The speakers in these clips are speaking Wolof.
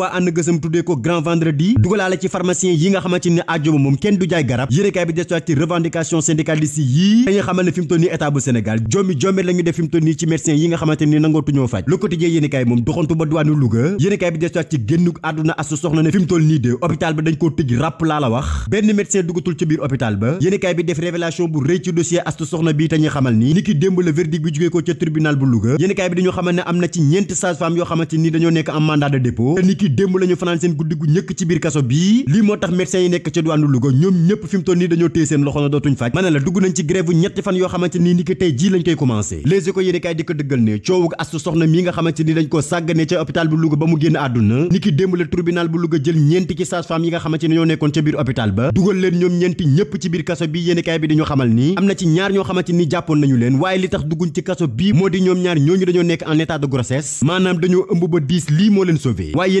waa ànd gësam tuddee ko grand vendredi dugalaale ci pharmacien yi nga xamante ni àjjuma moom kenn du jaay garab yéenekaay bi desuwaat ci revendication syndicaliste yii dañuy xamal ne fi mu toll nii état bu Sénégal jommi jommet la ñu def fi mu toll nii ci médecin yi nga xamante ni nangootuñoo faj Le Quotidien yéenekaay moom doxantu ba duwaanu Louga yéenekaay bi desuwaat ci tëj ràpp laa la wax benn médecin dugatul ci biir hôpital bi def révélation xamal ni ni ki démb la verdict bi jugee ko ca tribunal bu Louga yéenekaay bi dañu niki démb la ñu fanaan seen guddi gu ñëkk ci biir kaso bii lii moo tax médecins yi nekk ca duwaanu ne la dugg nañ ci grève ñetti fan yoo xamante nii niki tey jii lañ koy commencé les écoles yéene kaay di ko dëggal ne coowu astu soxna ñeenti ci sage-femme yi nga xamante ni ñoo nekkoon ca biir hôpital ba dugal leen ñoom ñeenti ñëpp ci biir kaso bi yéene bi dañu xamal ni am na ci ñaar ñoo xamante ni jàppoon nañu leen waaye li tax dugguñ ci kaso bii moo di ñoom ñaar ñooñu dañoo nekk en état de grossesse maanaam dañoo ëmb ba diis lii moo leen sauvé waaye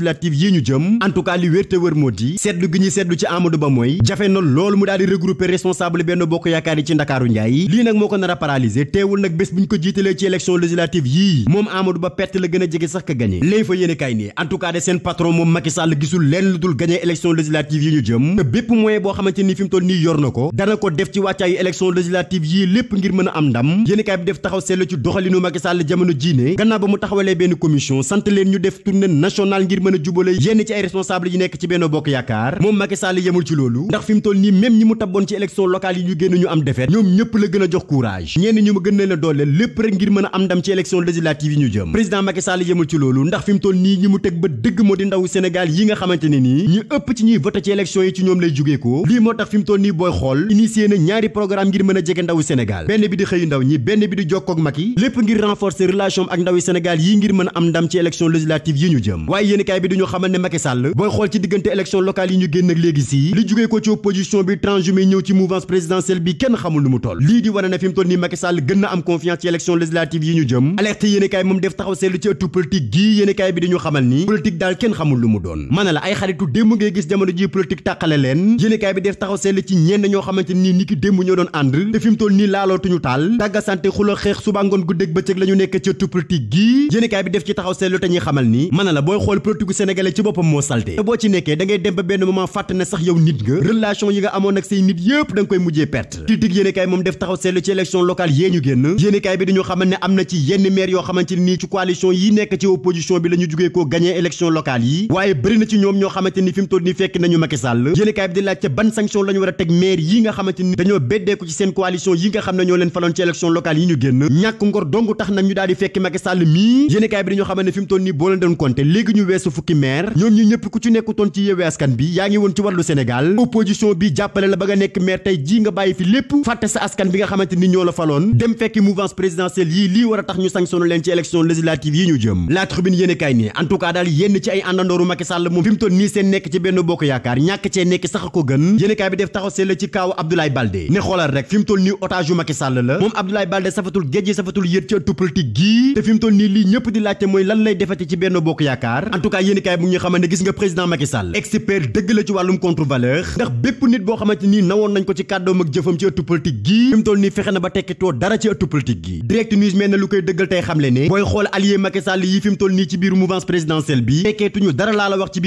législative yi ko nar a fa yéene nii en seen patron moom Macky gisul leen lu dul gagné élection yii lépp ngir mën a am ndam yéene bi def taxaw seetlu ci doxalinu Macky Sall jiine gannaaw ba mu taxawalee benn commission sant leen ñu def tournée nationale ngir mën mën a jubale yenn ci ay responsable yi nekk ci Benno Bokk Yaakaar moom Macky Sall yemul ci loolu ndax fi mu toll nii même ñi mu tabboon ci élection locale yi ñu génn ñu am défaite ñoom ñëpp la gën a jox courage ñenn ñu ma gën na la dooleel lépp rek ngir mën a am ndam ci élection législative yi ñu jëm président Macky Sall yemul ci loolu ndax fi mu toll nii ñi mu teg ba dëgg moo di ndawu Sénégal yi nga xamante ne nii ñu ëpp ci ñuy voté ci élection yi ci ñoom lay jugee ko lii moo tax fi mu toll nii booy xool initié na ñaari programme ngir mën a jege ndawu Sénégal benn bi di xëyu ndaw ñi benn bi di jokkoo ak Macky lépp ngir renforcer relation ak ndawu Sénégal yi ngir mën a am ndam ci élection législative yi ñu jëm waaye yéen kay bi duñu xamal ne Macky booy xool ci diggante élection locale yi ñu génn ak léegi si li jugee ci opposition bi transhumé ñëw ci mouvance présidentielle bi kenn xamul nu mu toll lii di wane ne toll nii Macky gën na am confiance ci élection législative yi ñu jëm alerte yéen kaay moom def taxaw seetlu ci ëttu politique gii yéen bi dañu xamal ni politique daal kenn xamul lu mu doon ma la ay xaritu démb ngay gis jamono ji politique tàqale leen dugg ci boppam moo salte boo ci nekkee da dem ba benn moment fàtte ne sax yow nit nga relation yi nga amoon ak say nit yëpp da koy mujjee perte critique yéene bi dañu xamal ne am na ci yenn maire yoo xamante ni ci coalition yi nekk ci opposition bi la ñu jugee koo gagné élection yi waaye bëri ci ñoom ñoo xamante ni fi mu toll ni fekk nañu Macky Sall yéene bi di laajte ban sanction la ñu teg maire yi nga xamante ci seen fukki maire ñoom ñu ñëpp ku ci nekkutoon ci Yewwi Askan bi yaa ngi woon ci wàllu Sénégal opposition bi jàppale la ba nga nekk maire tey ji nga bàyyi fi lépp fàtte sa askan bi nga xamante ni ñoo la faloon dem fekki mouvance présidentielle yii lii war a tax ñu sanctionné leen ci élection législative yi ñu jëm La Tribune yéen kay ni en tout ci ay àndandooru Macky Sall moom fi toll nii seen nekk ci benn bokk yaakaar ñàkk cee nekk sax ko gën kaay yéen i kaay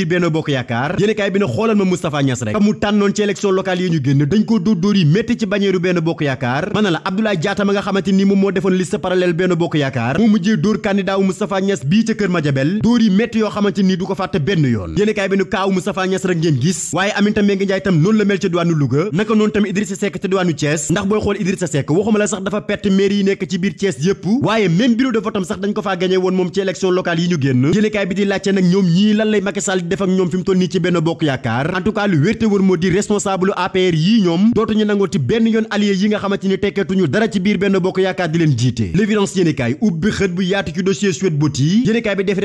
bi ne xoolal ma Moustapha Niass rek mu tànnoon ci élection locale yi ñu génn dañ koo dóor dóor yi métti ci bañeeru Benno Bokk Yaakaar mën la Abdoulaye Diatta ma nga xamante nii moom moo defoon liste parallèle Benno Bokk Yaakaar moo mujjee dóor candidat wu Moustapha Niass ca Kër Madiabel dóor yi métti yoo xamante nii du ko fàtte benn yoon yéen bi ni kaaw Moustapha Niass ngeen gis waaye Aminata Mbengue Ndiaye tam noonu la mel ca diwaanu Louga naka noonu tamit Idrissa Seck ca diwaanu Thiès ndax booy xool Idrissa Seck waxuma la sax dafa perte mairie yi nekk ci biir Thiès yépp waaye même bureau de vote am sax dañ ko faa gagné woon moom ci élection locale yi ñu génn yéen bi di laajte nag ñoom ñii lan lay di def ak ñoom fi toll nii ci benn bokk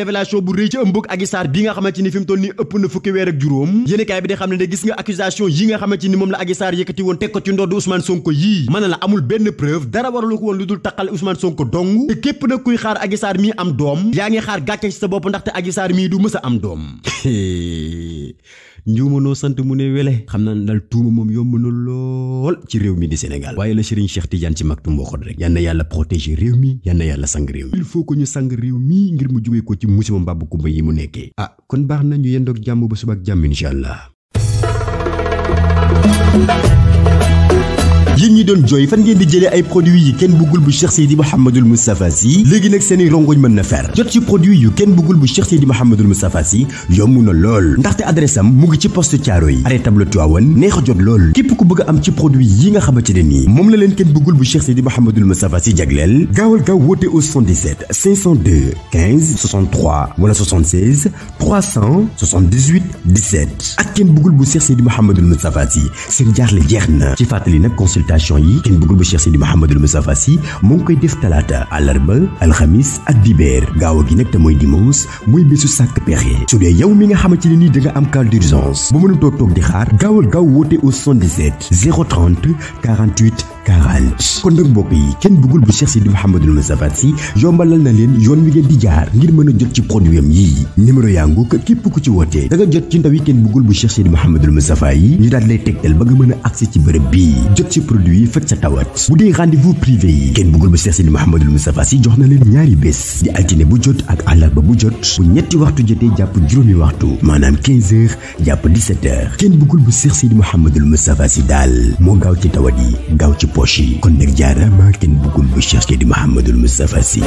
yaakaar Sarr bi nga xamante ni fi mu toll nii ëpp na fukki weer ak juróom yéenekaay bi di xam ne gis nga accusation yi nga xamante ni moom la Adji Sarr yëkkati woon teg ko ci ndodd Ousmane Sonko yii mën na la amul benn preuve dara waralu ko woon lu dul taqal Ousmane Sonko dong te képp nag kuy xaar Adji mii am doom yaa ngi xaar gàcce ci sa bopp ndaxte Adji Sarr mii du mës am doom njuuma noo sant mu ne wele xam naa ne daal tuuma moom yomb na lool ci réew mi di Sénégal waaye la Serigne Cheikh Tidiane Sy Maktoum waxoon rek yal na yàlla protéger réew mi yal na yàlla sang réew mi il foo que ñu sang réew mi ngir mu jugee ko ci musiba mbàbbu kumba yi mu nekkee ah kon baax na ñu yendoog jàmm ba suba ak jàmm incha allah yéen ñi doon jooy fan ngeen di jëlee ay produits yi kenn bëggul bu Cheikh Seydi Mouhamadul Moustapha Sy léegi nag seeni rongoñ mën na fer jot ci produit yu kenn bëggul bu Cheikh Seydi Mouhamadul Moustapha Sy yomb na lool ndaxte adresse am mu ngi ci poste Thiaroye yi arrêt table Tivaouane neex jot lool képp ku bëgg am ci produit yi nga xamante ne nii moom la leen kenn bëggul bu Cheikh Seydi Mouhamadul Moustapha Sy jagleel gaawal gaaw woote au 77 502 15 63 wala 76 378 17 ak kenn bu Cheikh Seydi Mouhamadul Moustapha Sy jeex na ci fàttali nag consultation invitation yi kenn bëggul ba Cheikh Sidi Mouhamadul Moustapha Sy mu ngi koy def talaata àllarba alxamis nii da nga am cas d'urgence bu mënatoo toog di xaar gaawal gaaw woote au 77 kon nag mbokk yi kenn bëggul bu Cheikh Sidi Mouhamadul Moustapha Sy yombalal na leen yoon wi ngeen di mën a jot ci produit am yii numéro yaa ngu ko ku ci wootee da nga jot ci ndaw yi kenn bëggul bu Cheikh Sidi Mouhamadul Moustapha yi ñu ci bërëb bii jot ci produit lu yi faj sa tawat bu dee rendez-vous privé yi kenn bëggul ba Cheikh Sidi Mouhamadul Moustapha Sy jox na leen ñaari bés di altine bu jot ak àllarba bu jot bu ñetti waxtu jotee jàpp juróomi waxtu maanaam 15 heures jàpp 17 heures kenn bu ba Cheikh Sidi Mouhamadul Moustapha si daal moo gaaw ci tawat yi gaaw ci poche yi kon nag jaarama kenn bëggul ba Cheikh Sidi Mouhamadul Moustapha Sy